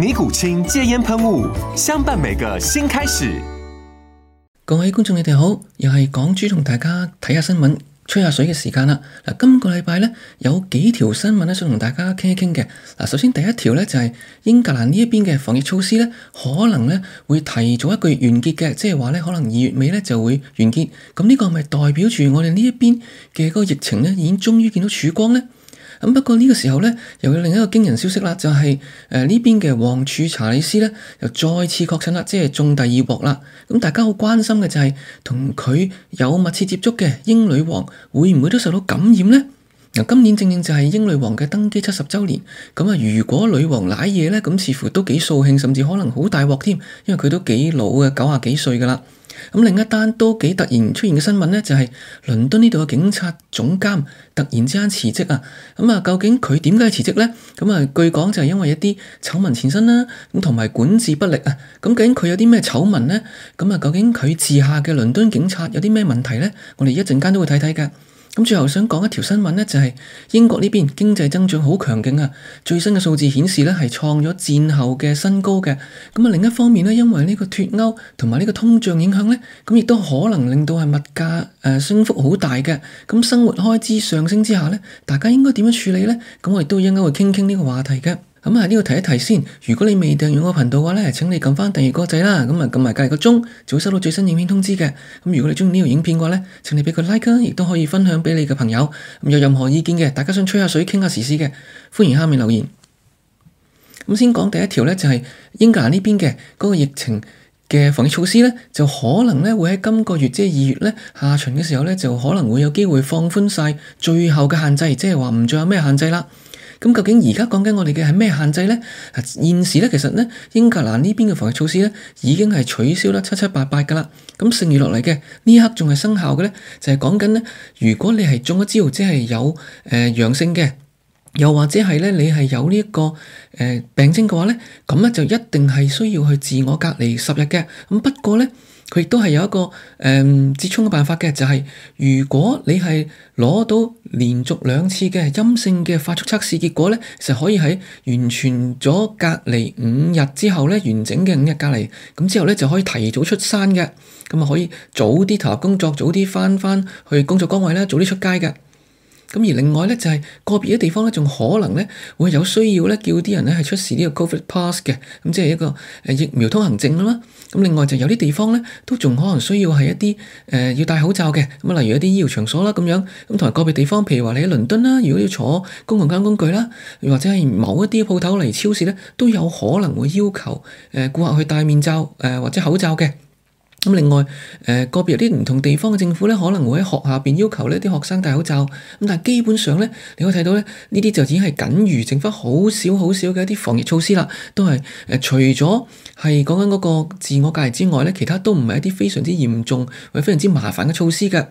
尼古清戒煙噴霧，相伴每個新開始。各位觀眾，你哋好，又係港豬同大家睇下新聞、吹下水嘅時間啦。嗱，今個禮拜咧有幾條新聞咧想同大家傾一傾嘅。嗱，首先第一條咧就係、是、英格蘭呢一邊嘅防疫措施咧，可能咧會提早一個月完結嘅，即係話咧可能二月尾咧就會完結。咁呢個係咪代表住我哋呢一邊嘅嗰個疫情咧已經終於見到曙光咧？咁不過呢個時候呢，又有另一個驚人消息啦，就係誒呢邊嘅王儲查理斯呢，又再次確診啦，即係中第二鑊啦。咁大家好關心嘅就係同佢有密切接觸嘅英女王會唔會都受到感染呢？嗱，今年正正就係英女王嘅登基七十周年，咁啊，如果女王瀨嘢呢，咁似乎都幾掃興，甚至可能好大鑊添，因為佢都幾老嘅九十幾歲噶啦。咁另一單都幾突然出現嘅新聞呢，就係倫敦呢度嘅警察總監突然之間辭職啊！咁啊，究竟佢點解辭職呢？咁啊，據講就係因為一啲醜聞纏身啦，咁同埋管治不力啊！咁究竟佢有啲咩醜聞呢？咁啊，究竟佢治下嘅倫敦警察有啲咩問題呢？我哋一陣間都會睇睇㗎。咁最後想講一條新聞呢，就係、是、英國呢邊經濟增長好強勁啊！最新嘅數字顯示呢，係創咗戰後嘅新高嘅。咁啊，另一方面呢，因為呢個脫歐同埋呢個通脹影響呢，咁亦都可能令到係物價誒升幅好大嘅。咁生活開支上升之下呢，大家應該點樣處理呢？咁我哋都應該會傾傾呢個話題嘅。咁啊，呢度提一提先。如果你未訂閱我頻道嘅話咧，請你撳翻訂閱個掣啦。咁啊，撳埋隔日個鐘，就會收到最新影片通知嘅。咁如果你鍾意呢條影片嘅話咧，請你畀個 like，亦都可以分享俾你嘅朋友。咁有任何意見嘅，大家想吹下水、傾下時事嘅，歡迎下面留言。咁先講第一條咧，就係英格蘭呢邊嘅嗰個疫情嘅防疫措施咧，就可能咧會喺今個月即係二月咧下旬嘅時候咧，就可能會有機會放寬晒最後嘅限制，即係話唔再有咩限制啦。咁究竟而家講緊我哋嘅係咩限制呢？現時咧其實咧，英格蘭呢邊嘅防疫措施咧已經係取消得七七八八噶啦。咁剩餘落嚟嘅呢一刻仲係生效嘅咧，就係講緊咧，如果你係中咗招，即係有誒陽性嘅，又或者係咧你係有呢一個誒病徵嘅話咧，咁咧就一定係需要去自我隔離十日嘅。咁不過咧。佢亦都係有一個誒折衷嘅辦法嘅，就係、是、如果你係攞到連續兩次嘅陰性嘅快速測試結果咧，就可以喺完全咗隔離五日之後咧，完整嘅五日隔離，咁之後咧就可以提早出山嘅，咁啊可以早啲投入工作，早啲返返去工作崗位啦，早啲出街嘅。咁而另外咧就係個別嘅地方咧，仲可能咧會有需要咧，叫啲人咧係出示呢個 COVID pass 嘅，咁即係一個疫苗通行證啦。咁另外就有啲地方咧都仲可能需要係一啲誒、呃、要戴口罩嘅，咁啊例如一啲醫療場所啦咁樣，咁同埋個別地方，譬如話你喺倫敦啦，如果要坐公共交通工具啦，或者係某一啲鋪頭嚟超市咧，都有可能會要求誒顧客去戴面罩誒、呃、或者口罩嘅。咁另外，誒個別有啲唔同地方嘅政府咧，可能會喺學校入邊要求咧啲學生戴口罩。咁但係基本上咧，你可以睇到咧，呢啲就只係僅餘剩翻好少好少嘅一啲防疫措施啦，都係誒、呃、除咗係講緊嗰個自我隔離之外咧，其他都唔係一啲非常之嚴重或者非常之麻煩嘅措施嘅。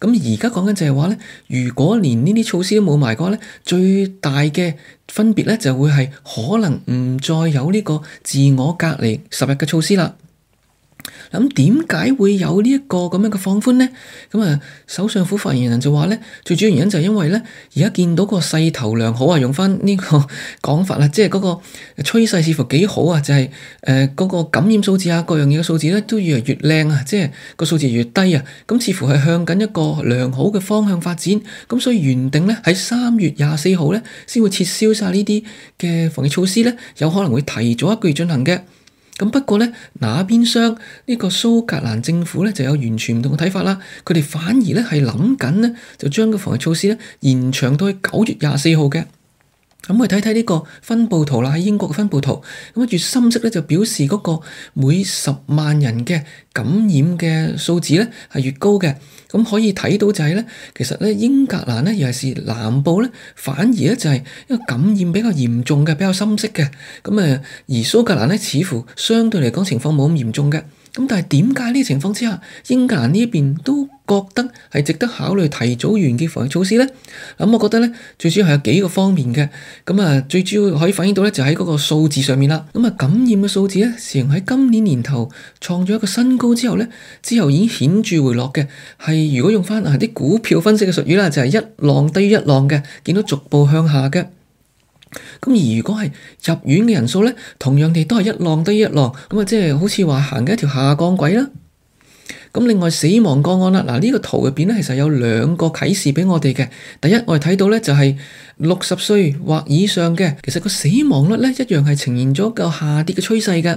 咁而家講緊就係話咧，如果連呢啲措施都冇埋嘅話咧，最大嘅分別咧就會係可能唔再有呢個自我隔離十日嘅措施啦。咁點解會有呢一個咁樣嘅放寬呢？咁啊，首相府發言人就話呢，最主要原因就係因為呢，而家見到個勢頭良好啊，用翻呢個講法啦，即係嗰個趨勢似乎幾好啊，就係誒嗰個感染數字啊，各樣嘢嘅數字呢，都越嚟越靚啊，即係個數字越，越低啊，咁似乎係向緊一個良好嘅方向發展，咁所以原定呢，喺三月廿四號呢，先會撤銷晒呢啲嘅防疫措施呢，有可能會提早一個月進行嘅。咁不過呢，那邊廂呢、呢個蘇格蘭政府呢就有完全唔同嘅睇法啦，佢哋反而呢係諗緊呢，就將個防疫措施呢延長到去九月廿四號嘅。咁我哋睇睇呢個分佈圖啦，喺英國嘅分佈圖，咁越深色咧就表示嗰個每十萬人嘅感染嘅數字咧係越高嘅，咁可以睇到就係咧，其實咧英格蘭咧尤其是南部咧，反而咧就係因為感染比較嚴重嘅，比較深色嘅，咁誒而蘇格蘭咧似乎相對嚟講情況冇咁嚴重嘅。咁但係點解呢情況之下，英格蘭呢邊都覺得係值得考慮提早完結防疫措施呢？咁、嗯、我覺得呢，最主要係有幾個方面嘅。咁、嗯、啊，最主要可以反映到呢，就喺、是、嗰個數字上面啦。咁、嗯、啊，感染嘅數字呢，成喺今年年頭創咗一個新高之後呢，之後已經顯著回落嘅，係如果用翻啊啲股票分析嘅術語啦，就係一浪低於一浪嘅，見到逐步向下嘅。咁而如果係入院嘅人數呢，同樣地都係一浪低一浪，咁啊即係好似話行緊一條下降軌啦。咁另外死亡個案啦，嗱、這、呢個圖入邊呢，其實有兩個啟示俾我哋嘅。第一我哋睇到呢就係六十歲或以上嘅，其實個死亡率呢一樣係呈現咗個下跌嘅趨勢嘅。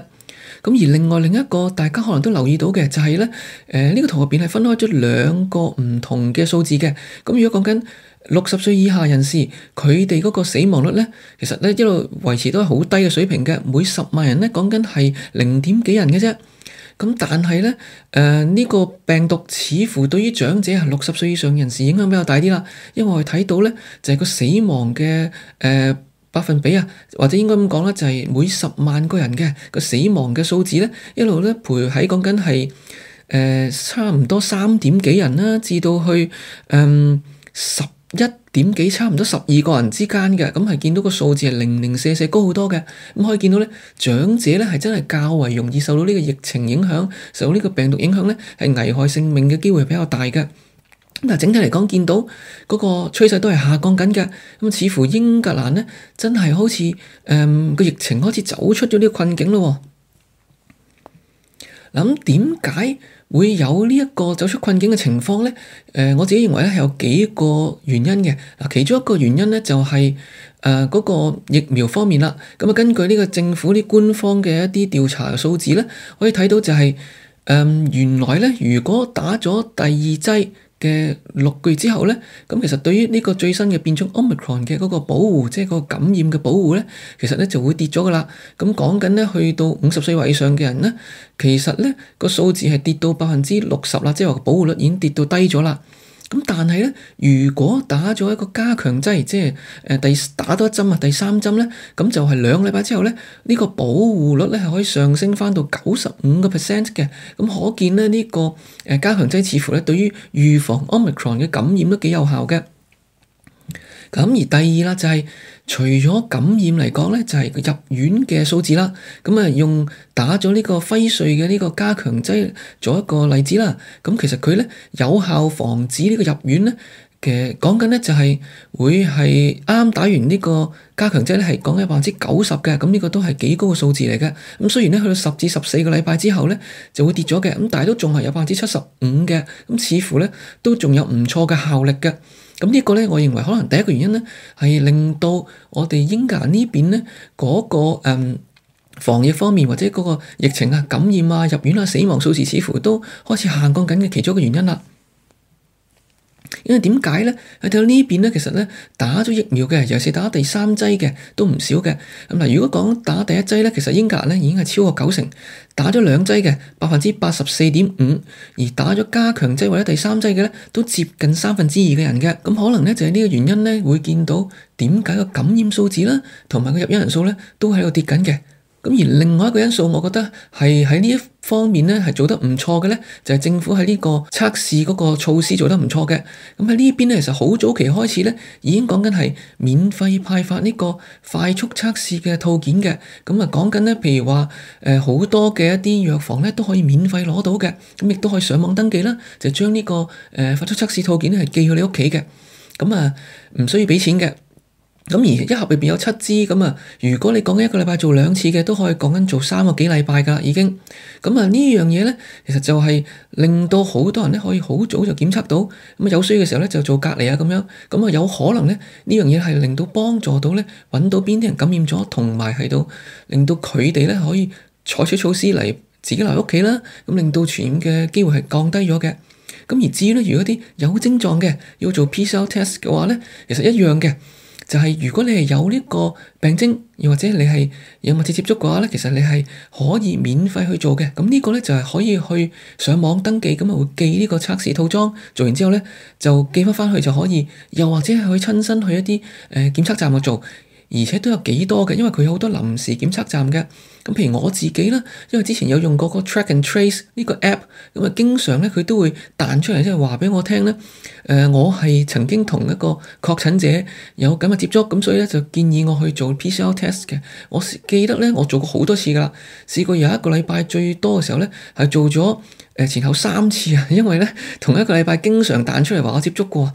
咁而另外另一個大家可能都留意到嘅就係、是、呢，誒、這、呢個圖入邊係分開咗兩個唔同嘅數字嘅。咁如果講緊六十歲以下人士，佢哋嗰個死亡率呢，其實呢一路維持都係好低嘅水平嘅。每十萬人呢，講緊係零點幾人嘅啫。咁但係呢，誒、呃、呢、這個病毒似乎對於長者係六十歲以上人士影響比較大啲啦。因為我哋睇到呢，就係、是、個死亡嘅誒、呃、百分比啊，或者應該咁講啦，就係、是、每十萬個人嘅個死亡嘅數字呢，一路呢陪喺講緊係誒差唔多三點幾人啦，至到去嗯十。呃一點幾，差唔多十二個人之間嘅。咁係見到個數字係零零四四高好多嘅，咁可以見到呢長者呢，係真係較為容易受到呢個疫情影響，受呢個病毒影響呢，係危害性命嘅機會係比較大嘅。咁但整體嚟講，見到嗰個趨勢都係下降緊嘅，咁似乎英格蘭呢，真係好似誒個疫情開始走出咗呢個困境咯。咁點解？會有呢一個走出困境嘅情況咧？誒、呃，我自己認為咧，係有幾個原因嘅。嗱，其中一個原因咧就係誒嗰個疫苗方面啦。咁、嗯、啊，根據呢個政府啲官方嘅一啲調查嘅數字咧，可以睇到就係、是、誒、呃、原來咧，如果打咗第二劑。嘅六個月之後咧，咁其實對於呢個最新嘅變種 omicron 嘅嗰個保護，即係個感染嘅保護咧，其實咧就會跌咗噶啦。咁講緊咧，去到五十歲或以上嘅人咧，其實咧、這個數字係跌到百分之六十啦，即係話保護率已經跌到低咗啦。咁但係咧，如果打咗一個加強劑，即係誒第打多一針啊，第三針咧，咁就係兩個禮拜之後咧，呢個保護率咧係可以上升翻到九十五個 percent 嘅。咁可見咧，呢個誒加強劑似乎咧對於預防 Omicron 嘅感染都幾有效嘅。咁而第二啦，就係除咗感染嚟講咧，就係入院嘅數字啦。咁啊，用打咗呢個輝瑞嘅呢個加強劑做一個例子啦。咁其實佢咧有效防止呢個入院咧嘅講緊咧，就係會係啱打完呢個加強劑咧，係講緊百分之九十嘅。咁呢個都係幾高嘅數字嚟嘅。咁雖然咧去到十至十四個禮拜之後咧就會跌咗嘅，咁但係都仲係有百分之七十五嘅。咁似乎咧都仲有唔錯嘅效力嘅。咁呢個咧，我認為可能第一個原因咧，係令到我哋英格蘭呢邊咧，嗰個誒、嗯、防疫方面或者嗰個疫情啊、感染啊、入院啊、死亡數字似乎都開始下降緊嘅其中一個原因啦。因為點解咧？去到呢邊咧，其實咧打咗疫苗嘅，尤其是打第三劑嘅都唔少嘅。咁嗱，如果講打第一劑咧，其實英格蘭咧已經係超過九成打咗兩劑嘅，百分之八十四點五，而打咗加強劑或者第三劑嘅咧都接近三分之二嘅人嘅。咁可能咧就係呢個原因咧，會見到點解個感染數字啦，同埋個入院人數咧都喺度跌緊嘅。咁而另外一個因素，我覺得係喺呢一方面呢，係做得唔錯嘅呢，就係、係、政府喺呢個測試嗰個措施做得唔錯嘅。咁喺呢邊呢，其實好早期開始呢，已經講緊係免費派發呢個快速測試嘅套件嘅。咁啊，講緊呢，譬如話誒好多嘅一啲藥房呢，都可以免費攞到嘅。咁亦都可以上網登記啦，就將呢、呢個誒快速測試套件咧係寄去你屋企嘅。咁啊，唔需要畀錢嘅。咁而一盒入邊有七支咁啊，如果你講緊一個禮拜做兩次嘅，都可以講緊做三個幾禮拜噶已經。咁啊，呢樣嘢咧，其實就係令到好多人咧可以好早就檢測到咁啊，有需要嘅時候咧就做隔離啊咁樣。咁啊，有可能咧呢樣嘢係令到幫助到咧揾到邊啲人感染咗，同埋係到令到佢哋咧可以採取措施嚟自己留喺屋企啦，咁令到傳染嘅機會係降低咗嘅。咁而至於咧，如果啲有症狀嘅要做 PCR test 嘅話咧，其實一樣嘅。就係如果你係有呢個病徵，又或者你係有密切接觸嘅話咧，其實你係可以免費去做嘅。咁、這個、呢個咧就係、是、可以去上網登記，咁啊會寄呢個測試套裝，做完之後咧就寄翻翻去就可以。又或者係去親身去一啲誒檢測站度做。而且都有幾多嘅，因為佢有好多臨時檢測站嘅。咁譬如我自己啦，因為之前有用過個 Track and Trace 呢個 app，咁啊經常咧佢都會彈出嚟，即係話畀我聽咧。誒、呃，我係曾經同一個確診者有咁嘅接觸，咁所以咧就建議我去做 PCR test 嘅。我記得咧，我做過好多次㗎啦，試過有一個禮拜最多嘅時候咧，係做咗誒前後三次啊，因為咧同一個禮拜經常彈出嚟話我接觸過。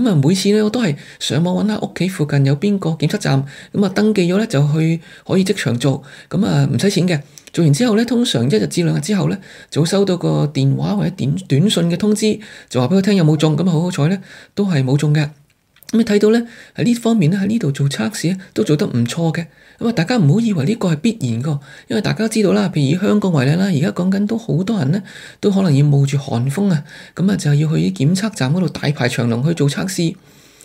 每次我都係上網揾下屋企附近有邊個檢測站，咁啊登記咗咧就去可以即場做，咁啊唔使錢嘅。做完之後咧，通常一日至兩日之後咧，就收到個電話或者短短信嘅通知，就話畀佢聽有冇中，咁好好彩咧，都係冇中嘅。咁你睇到呢，喺呢方面咧喺呢度做測試都做得唔錯嘅。咁啊，大家唔好以為呢個係必然㗎，因為大家都知道啦，譬如以香港為例啦，而家講緊都好多人呢，都可能要冒住寒風啊，咁啊就係要去啲檢測站嗰度大排長龍去做測試。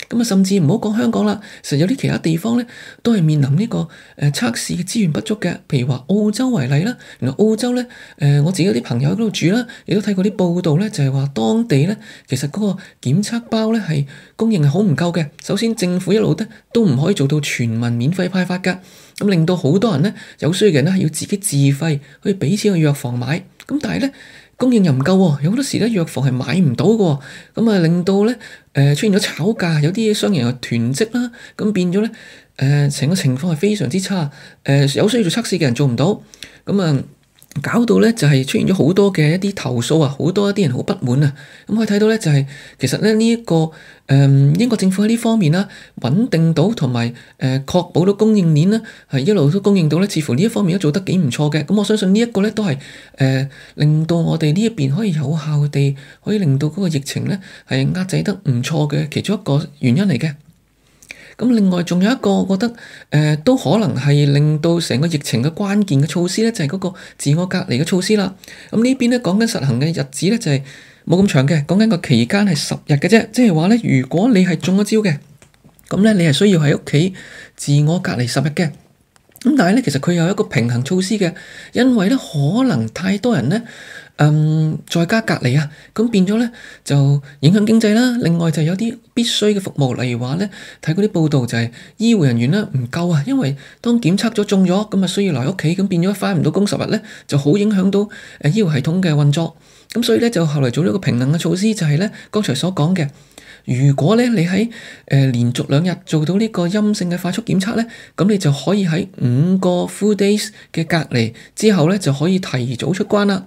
咁啊，甚至唔好講香港啦，實有啲其他地方咧都係面臨呢個誒測試資源不足嘅。譬如話澳洲為例啦，原來澳洲咧誒、呃、我自己有啲朋友喺度住啦，亦都睇過啲報道咧，就係、是、話當地咧其實嗰個檢測包咧係供應係好唔夠嘅。首先政府一路咧都唔可以做到全民免費派發㗎，咁、嗯、令到好多人咧有需要嘅人咧要自己自費去俾錢去藥房買，咁但係咧。供應又唔夠，有好多時呢藥房係買唔到嘅，咁啊令到呢，誒出現咗炒價，有啲商人又囤積啦，咁變咗呢，誒成個情況係非常之差，誒有需要做測試嘅人做唔到，咁啊。搞到咧就係出現咗好多嘅一啲投訴啊，好多一啲人好不滿啊。咁可以睇到咧、就係，就係其實咧呢一個誒、嗯、英國政府喺呢方面啦，穩定到同埋誒確保到供應鏈啦，係一路都供應到咧，似乎呢一方面都做得幾唔錯嘅。咁、嗯、我相信呢一個咧都係誒、呃、令到我哋呢一邊可以有效地可以令到嗰個疫情咧係壓制得唔錯嘅其中一個原因嚟嘅。咁另外仲有一個，我覺得誒、呃、都可能係令到成個疫情嘅關鍵嘅措施咧，就係、是、嗰個自我隔離嘅措施啦。咁、嗯、呢邊咧講緊實行嘅日子咧，就係冇咁長嘅，講緊個期間係十日嘅啫。即係話咧，如果你係中咗招嘅，咁咧你係需要喺屋企自我隔離十日嘅。咁但係咧，其實佢有一個平衡措施嘅，因為咧可能太多人咧。嗯，再加隔離啊，咁變咗咧就影響經濟啦。另外就有啲必須嘅服務，例如話咧睇嗰啲報道就係醫護人員咧唔夠啊，因為當檢測咗中咗咁啊，需要嚟屋企咁變咗翻唔到工十日咧，就好影響到誒醫護系統嘅運作。咁所以咧就後來做咗一個平衡嘅措施就呢，就係咧剛才所講嘅，如果咧你喺誒、呃、連續兩日做到呢個陰性嘅快速檢測咧，咁你就可以喺五個 full days 嘅隔離之後咧就可以提早出關啦。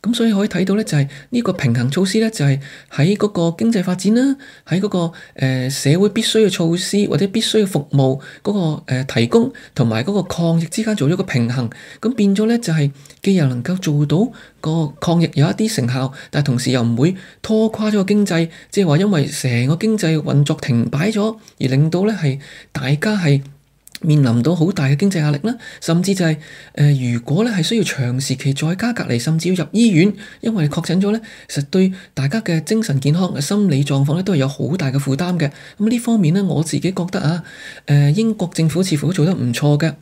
咁所以可以睇到呢，就係、是、呢個平衡措施呢，就係喺嗰個經濟發展啦，喺嗰、那個誒、呃、社會必須嘅措施或者必須嘅服務嗰、那個誒、呃、提供同埋嗰個抗疫之間做咗個平衡，咁變咗呢，就係、是、既又能夠做到個抗疫有一啲成效，但係同時又唔會拖垮咗個經濟，即係話因為成個經濟運作停擺咗，而令到呢，係大家係，面臨到好大嘅經濟壓力啦，甚至就係、是、誒、呃，如果咧係需要長時期在家隔離，甚至要入醫院，因為確診咗咧，其實對大家嘅精神健康、心理狀況咧都係有好大嘅負擔嘅。咁、嗯、呢方面咧，我自己覺得啊，誒、呃、英國政府似乎都做得唔錯嘅。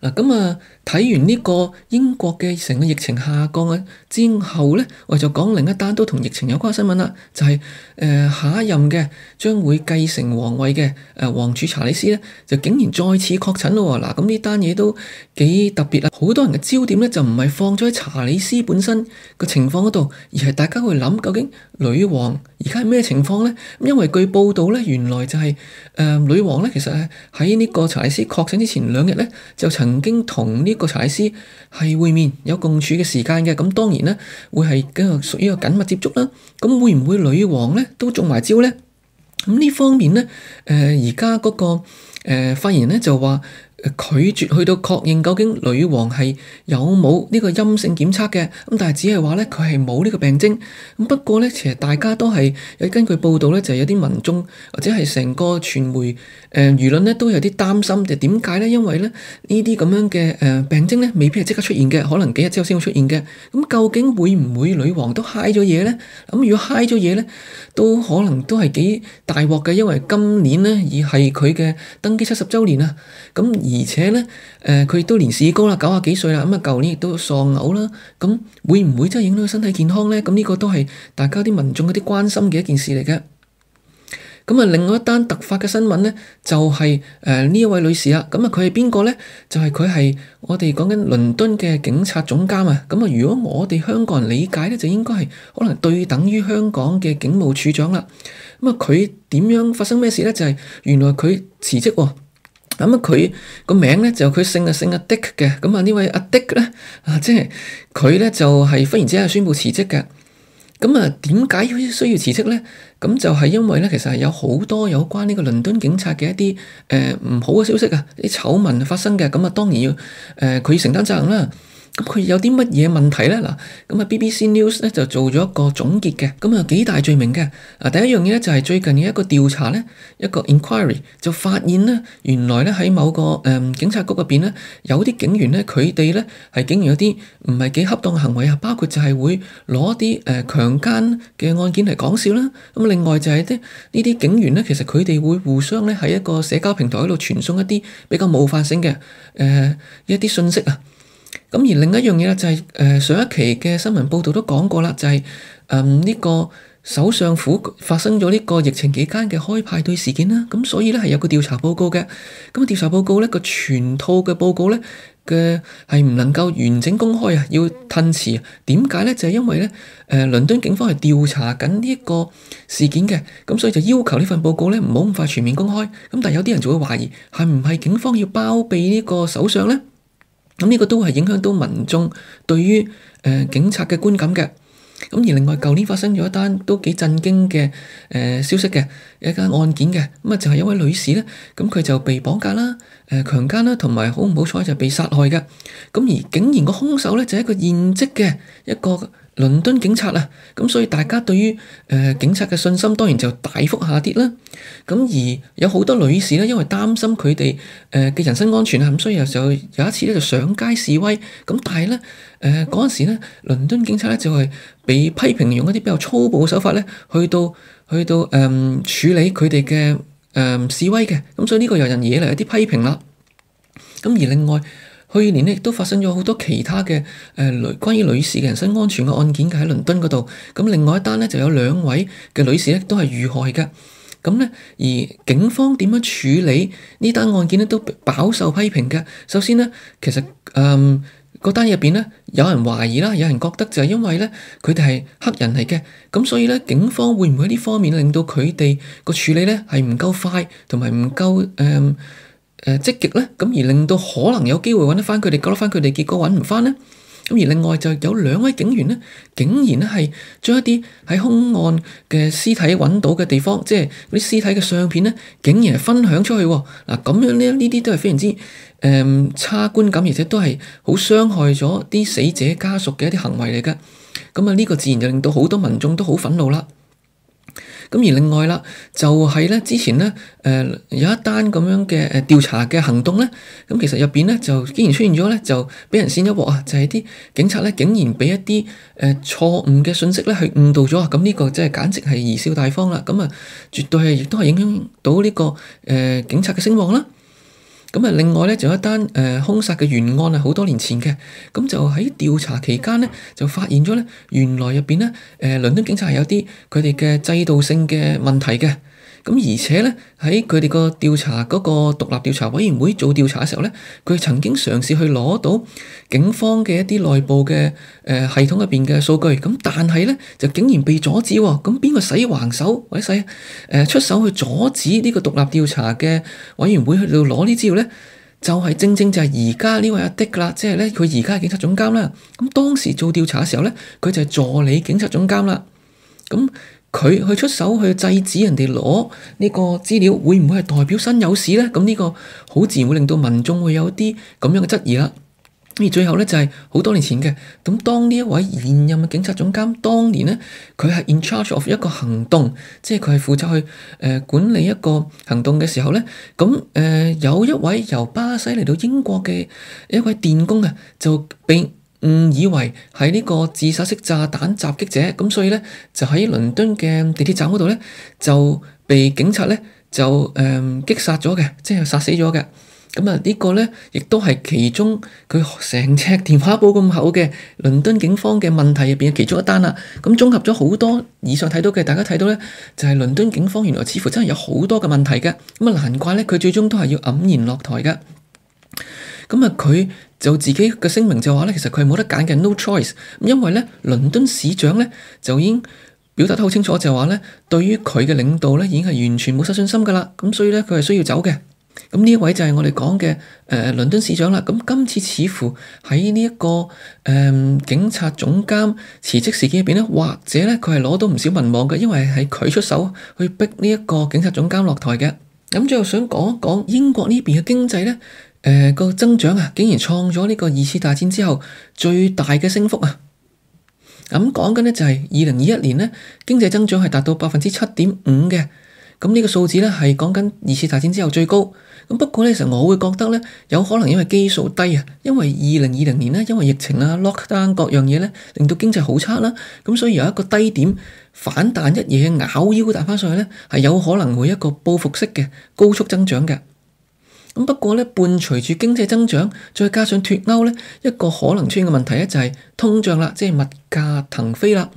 嗱咁啊，睇完呢個英國嘅成個疫情下降啊，之後咧，我就講另一單都同疫情有關嘅新聞啦，就係誒下一任嘅將會繼承皇位嘅誒王儲查理斯咧，就竟然再次確診咯。嗱咁呢單嘢都幾特別啊。好多人嘅焦點咧就唔係放咗喺查理斯本身個情況嗰度，而係大家去諗究竟女王而家係咩情況咧？因為據報道咧，原來就係誒女王咧，其實喺呢個查理斯確診之前兩日咧，就曾曾經同呢個查理斯係會面有共處嘅時間嘅，咁當然呢會係嘅屬於一個緊密接觸啦。咁會唔會女王呢都中埋招呢？咁呢方面呢，誒而家嗰個誒、呃、發言人呢就話。拒絕去到確認究竟女王係有冇呢個陰性檢測嘅，咁但係只係話呢，佢係冇呢個病徵。咁不過呢，其實大家都係根據報道呢，就係有啲民眾或者係成個傳媒誒輿論呢，都有啲擔心就點解呢？因為呢呢啲咁樣嘅誒、呃、病徵呢，未必係即刻出現嘅，可能幾日之後先會出現嘅。咁究竟會唔會女王都嗨咗嘢呢？咁如果嗨咗嘢呢，都可能都係幾大鑊嘅，因為今年呢，而係佢嘅登基七十週年啊，咁。而且呢，誒佢亦都年事高啦，九啊幾歲啦，咁啊舊年亦都喪偶啦，咁、嗯、會唔會真係影響佢身體健康呢？咁、嗯、呢、呢個都係大家啲民眾嗰啲關心嘅一件事嚟嘅。咁、嗯、啊，另外一單突發嘅新聞呢，就係誒呢一位女士啊，咁啊佢係邊個呢？就係佢係我哋講緊倫敦嘅警察總監啊。咁、嗯、啊，如果我哋香港人理解呢，就應該係可能對等於香港嘅警務處長啦。咁、嗯、啊，佢點樣發生咩事呢？就係、是、原來佢辭職喎。咁佢個名咧就佢姓啊，姓阿 Dick 嘅。咁啊，呢位阿 Dick 咧啊，即係佢咧就係、是、忽然之間宣布辭職嘅。咁啊，點解要需要辭職咧？咁就係因為咧，其實係有好多有關呢個倫敦警察嘅一啲誒唔好嘅消息啊，啲醜聞發生嘅。咁啊，當然要誒佢、呃、要承擔責任啦。咁佢有啲乜嘢問題呢？嗱，咁啊 BBC News 咧就做咗一個總結嘅，咁啊幾大罪名嘅。啊，第一樣嘢咧就係最近嘅一個調查咧，一個 inquiry 就發現咧，原來咧喺某個誒、呃、警察局入邊咧，有啲警員咧，佢哋咧係竟然有啲唔係幾恰當嘅行為啊，包括就係會攞啲誒強奸嘅案件嚟講笑啦。咁、啊、另外就係啲呢啲警員咧，其實佢哋會互相咧喺一個社交平台度傳送一啲比較冒犯性嘅誒、呃、一啲信息啊。咁而另一樣嘢就係誒上一期嘅新聞報導都講過啦，就係誒呢個首相府發生咗呢個疫情期間嘅開派對事件啦。咁所以咧係有個調查報告嘅。咁調查報告咧個全套嘅報告咧嘅係唔能夠完整公開啊，要褪遲。點解咧？就係、是、因為咧誒倫敦警方係調查緊呢一個事件嘅，咁所以就要求呢份報告咧唔好咁快全面公開。咁但係有啲人就會懷疑係唔係警方要包庇呢個首相咧？咁呢個都係影響到民眾對於誒、呃、警察嘅觀感嘅。咁而另外，舊年發生咗一單都幾震驚嘅誒消息嘅一間案件嘅，咁、嗯、啊就係、是、一位女士咧，咁佢就被綁架啦、誒、呃、強姦啦，同埋好唔好彩就被殺害嘅。咁、嗯、而竟然個兇手咧就係一個現職嘅一個倫敦警察啊，咁所以大家對於誒、呃、警察嘅信心當然就大幅下跌啦。咁而有好多女士呢，因為擔心佢哋誒嘅人身安全啊，咁所以有時候有一次咧就上街示威。咁但係咧誒嗰陣時咧，倫敦警察咧就係、是、被批評用一啲比較粗暴嘅手法咧去到去到誒、呃、處理佢哋嘅誒示威嘅。咁所以呢個又引嚟一啲批評啦。咁而另外。去年亦都發生咗好多其他嘅誒女關於女士嘅人身安全嘅案件嘅喺倫敦嗰度，咁另外一單咧就有兩位嘅女士咧都係遇害嘅，咁咧而警方點樣處理呢單案件咧都飽受批評嘅。首先咧，其實誒嗰單入邊咧有人懷疑啦，有人覺得就係因為咧佢哋係黑人嚟嘅，咁所以咧警方會唔會喺呢方面令到佢哋個處理咧係唔夠快同埋唔夠誒，呃誒、呃、積極咧，咁而令到可能有機會揾得翻佢哋，救得翻佢哋，結果揾唔翻呢？咁而另外就有兩位警員呢，竟然咧係將一啲喺兇案嘅屍體揾到嘅地方，即係啲屍體嘅相片呢，竟然係分享出去、哦。嗱、啊，咁樣呢，呢啲都係非常之誒、呃、差觀感，而且都係好傷害咗啲死者家屬嘅一啲行為嚟嘅。咁啊，呢、這個自然就令到好多民眾都好憤怒啦。咁而另外啦，就係、是、咧之前咧，誒有一單咁樣嘅誒調查嘅行動咧，咁其實入邊咧就竟然出現咗咧，就俾人扇一鑊啊！就係、是、啲警察咧，竟然俾一啲誒、呃、錯誤嘅信息咧，去誤導咗啊！咁呢個真係簡直係貽笑大方啦！咁啊，絕對係亦都係影響到呢、這個誒、呃、警察嘅聲望啦。咁啊，另外咧就有一單誒兇殺嘅原案啊，好多年前嘅，咁就喺調查期間咧，就發現咗咧，原來入邊咧，誒、呃、倫敦警察係有啲佢哋嘅制度性嘅問題嘅。咁而且呢，喺佢哋個調查嗰、那個獨立調查委員會做調查嘅時候呢，佢曾經嘗試去攞到警方嘅一啲內部嘅誒、呃、系統入邊嘅數據，咁但係呢，就竟然被阻止喎。咁、哦、邊個使橫手或者使、呃、出手去阻止呢個獨立調查嘅委員會去到攞呢資料呢？就係、是、正正就係而家呢位阿 Dick 啦，即、就、係、是、呢，佢而家係警察總監啦。咁當時做調查嘅時候呢，佢就係助理警察總監啦。咁、嗯佢去出手去制止人哋攞呢個資料，會唔會係代表新有事呢？咁呢個好自然會令到民眾會有啲咁樣嘅質疑啦。而最後呢，就係、是、好多年前嘅，咁當呢一位現任嘅警察總監當年呢，佢係 in charge of 一個行動，即係佢係負責去誒、呃、管理一個行動嘅時候呢。咁誒、呃、有一位由巴西嚟到英國嘅一位電工啊，就被誤以為係呢個自殺式炸彈襲擊者，咁所以呢，就喺倫敦嘅地鐵站嗰度呢，就被警察呢，就誒、呃、擊殺咗嘅，即係殺死咗嘅。咁啊呢個呢，亦都係其中佢成隻電話簿咁厚嘅倫敦警方嘅問題入邊嘅其中一單啦。咁綜合咗好多以上睇到嘅，大家睇到呢，就係、是、倫敦警方原來似乎真係有好多嘅問題嘅，咁啊難怪呢，佢最終都係要黯然落台嘅。咁啊，佢、嗯、就自己嘅聲明就話咧，其實佢冇得揀嘅，no choice。因為咧，倫敦市長咧就已經表達得好清楚，就話咧，對於佢嘅領導咧已經係完全冇失信心噶啦。咁所以咧，佢係需要走嘅。咁呢一位就係我哋講嘅誒倫敦市長啦。咁、嗯、今次似乎喺呢一個誒、呃、警察總監辭職事件入邊咧，或者咧佢係攞到唔少民望嘅，因為係佢出手去逼呢一個警察總監落台嘅。咁、嗯、最後想講一講英國邊呢邊嘅經濟咧。誒，個、呃、增長啊，竟然創咗呢個二次大戰之後最大嘅升幅啊！咁講緊呢，就係二零二一年咧，經濟增長係達到百分之七點五嘅。咁、嗯、呢、這個數字呢，係講緊二次大戰之後最高。咁、嗯、不過咧，成我會覺得呢，有可能因為基數低啊，因為二零二零年咧，因為疫情啊、lockdown 各樣嘢呢，令到經濟好差啦。咁、嗯、所以有一個低點反彈一嘢咬腰，彈翻上去呢，係有可能會一個報復式嘅高速增長嘅。咁不過咧，伴隨住經濟增長，再加上脫歐咧，一個可能出現嘅問題咧就係、是、通脹啦，即係物價騰飛啦。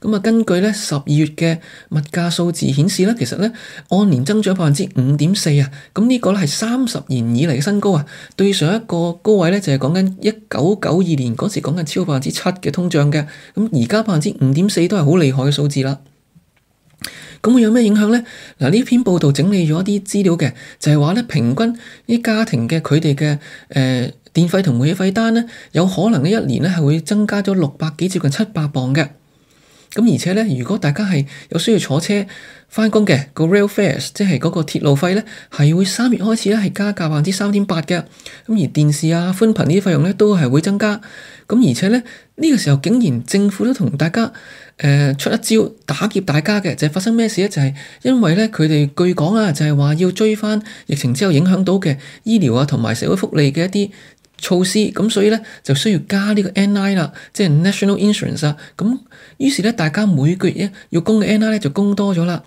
咁、嗯、啊，根據咧十二月嘅物價數字顯示啦，其實咧按年增長百分之五點四啊，咁呢個咧係三十年以嚟嘅新高啊，對上一個高位咧就係講緊一九九二年嗰時講緊超百分之七嘅通脹嘅，咁而家百分之五點四都係好厲害嘅數字啦。咁會有咩影響呢？嗱，呢篇報道整理咗啲資料嘅，就係話咧，平均啲家庭嘅佢哋嘅誒電費同煤氣費單咧，有可能一年咧係會增加咗六百幾，接近七百磅嘅。咁而且咧，如果大家係有需要坐車翻工嘅，個 rail fares 即係嗰個鐵路費咧，係會三月開始咧係加價百分之三點八嘅。咁而電視啊、寬頻呢啲費用咧都係會增加。咁而且咧呢、呢個時候竟然政府都同大家誒、呃、出一招打劫大家嘅，就係、是、發生咩事咧？就係、是、因為咧佢哋據講啊，就係話要追翻疫情之後影響到嘅醫療啊同埋社會福利嘅一啲措施咁，所以呢，就需要加呢個 NI 啦，即係 National Insurance 啊。咁於是呢，大家每個月要供嘅 NI 呢就供多咗啦。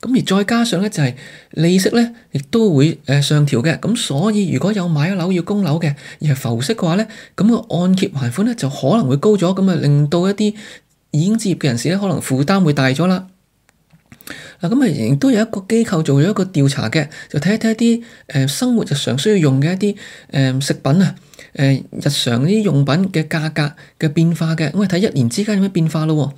咁而再加上呢，就係利息呢亦都會誒上調嘅。咁所以如果有買咗樓要供樓嘅，而係浮息嘅話呢，咁個按揭還款呢就可能會高咗，咁啊令到一啲已經置業嘅人士呢，可能負擔會大咗啦。嗱，咁啊、嗯，亦都有一個機構做咗一個調查嘅，就睇一睇一啲誒生活日常需要用嘅一啲誒、呃、食品啊，誒、呃、日常啲用品嘅價格嘅變化嘅，我哋睇一年之間有咩變化咯。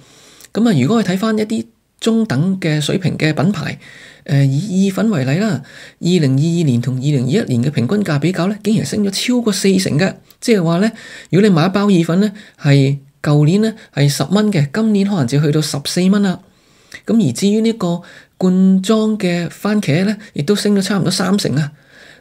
咁、嗯、啊，如果我睇翻一啲中等嘅水平嘅品牌，誒、呃、以意粉為例啦，二零二二年同二零二一年嘅平均價比較咧，竟然升咗超過四成嘅，即係話咧，如果你買一包意粉咧，係舊年咧係十蚊嘅，今年可能就去到十四蚊啦。咁而至於呢個罐裝嘅番茄咧，亦都升咗差唔多三成啊！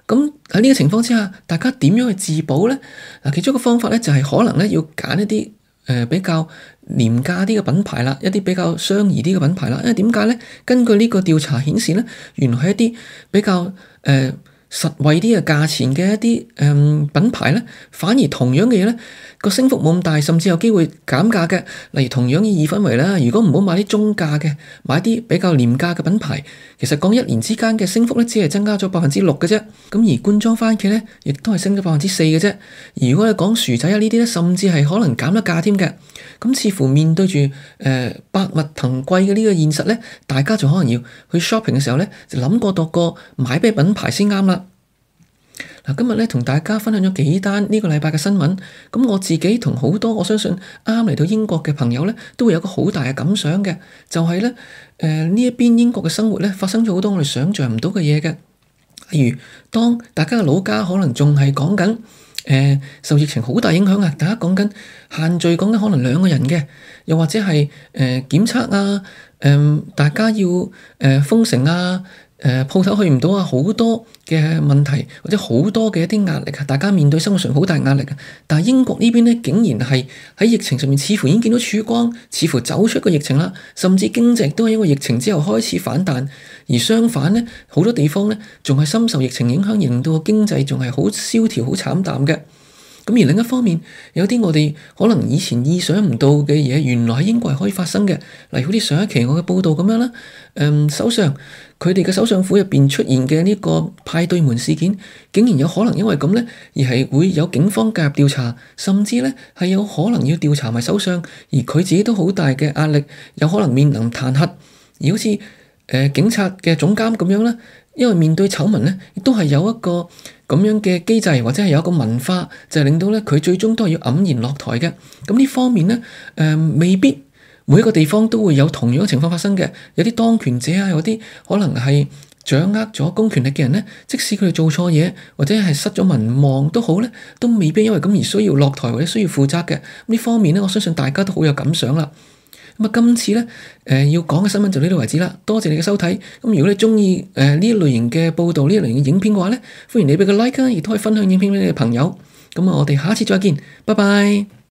咁喺呢個情況之下，大家點樣去自保咧？嗱，其中一個方法咧，就係、係、可能咧要揀一啲誒、呃、比較廉價啲嘅品牌啦，一啲比較相宜啲嘅品牌啦。因為點解咧？根據呢個調查顯示咧，原來係一啲比較誒、呃實惠啲嘅價錢嘅一啲誒、嗯、品牌咧，反而同樣嘅嘢咧，個升幅冇咁大，甚至有機會減價嘅。例如同樣以意粉為例啦，如果唔好買啲中價嘅，買啲比較廉價嘅品牌，其實講一年之間嘅升幅咧，只係增加咗百分之六嘅啫。咁而罐裝番茄咧，亦都係升咗百分之四嘅啫。如果你講薯仔啊呢啲咧，甚至係可能減咗價添嘅。咁似乎面對住誒、呃、百物騰貴嘅呢個現實咧，大家就可能要去 shopping 嘅時候咧，就諗過度過買咩品牌先啱啦。嗱，今日咧同大家分享咗幾單呢個禮拜嘅新聞，咁、嗯、我自己同好多我相信啱嚟到英國嘅朋友咧，都會有個好大嘅感想嘅，就係咧誒呢一邊、呃、英國嘅生活咧發生咗好多我哋想象唔到嘅嘢嘅，例如當大家嘅老家可能仲係講緊。呃、受疫情好大影響啊！大家講緊限聚，講緊可能兩個人嘅，又或者係呃檢測啊、呃，大家要、呃、封城啊。誒鋪頭去唔到啊，好多嘅問題或者好多嘅一啲壓力啊，大家面對生活上好大壓力啊。但係英國呢邊咧，竟然係喺疫情上面似乎已經見到曙光，似乎走出個疫情啦，甚至經濟都係因為疫情之後開始反彈。而相反咧，好多地方呢仲係深受疫情影響，令到經濟仲係好蕭條、好慘淡嘅。咁而另一方面，有啲我哋可能以前意想唔到嘅嘢，原來喺英國係可以發生嘅。例如好似上一期我嘅報道咁樣啦，誒首相佢哋嘅首相府入邊出現嘅呢個派對門事件，竟然有可能因為咁咧，而係會有警方介入調查，甚至咧係有可能要調查埋首相，而佢自己都好大嘅壓力，有可能面臨彈劾。而好似誒、呃、警察嘅總監咁樣啦。因為面對醜聞咧，亦都係有一個咁樣嘅機制，或者係有一個文化，就係、是、令到咧佢最終都係要黯然落台嘅。咁呢方面咧，誒、呃、未必每一個地方都會有同樣嘅情況發生嘅。有啲當權者啊，有啲可能係掌握咗公權力嘅人咧，即使佢哋做錯嘢，或者係失咗民望都好咧，都未必因為咁而需要落台或者需要負責嘅。呢方面咧，我相信大家都好有感想啦。今次、呃、要講嘅新聞就到呢度為止啦。多謝你嘅收睇。如果你鍾意呢一類型嘅報道，呢一類型嘅影片嘅話咧，歡迎你畀個 like 亦、啊、都可以分享影片畀你嘅朋友。咁、啊、我哋下次再見，拜拜。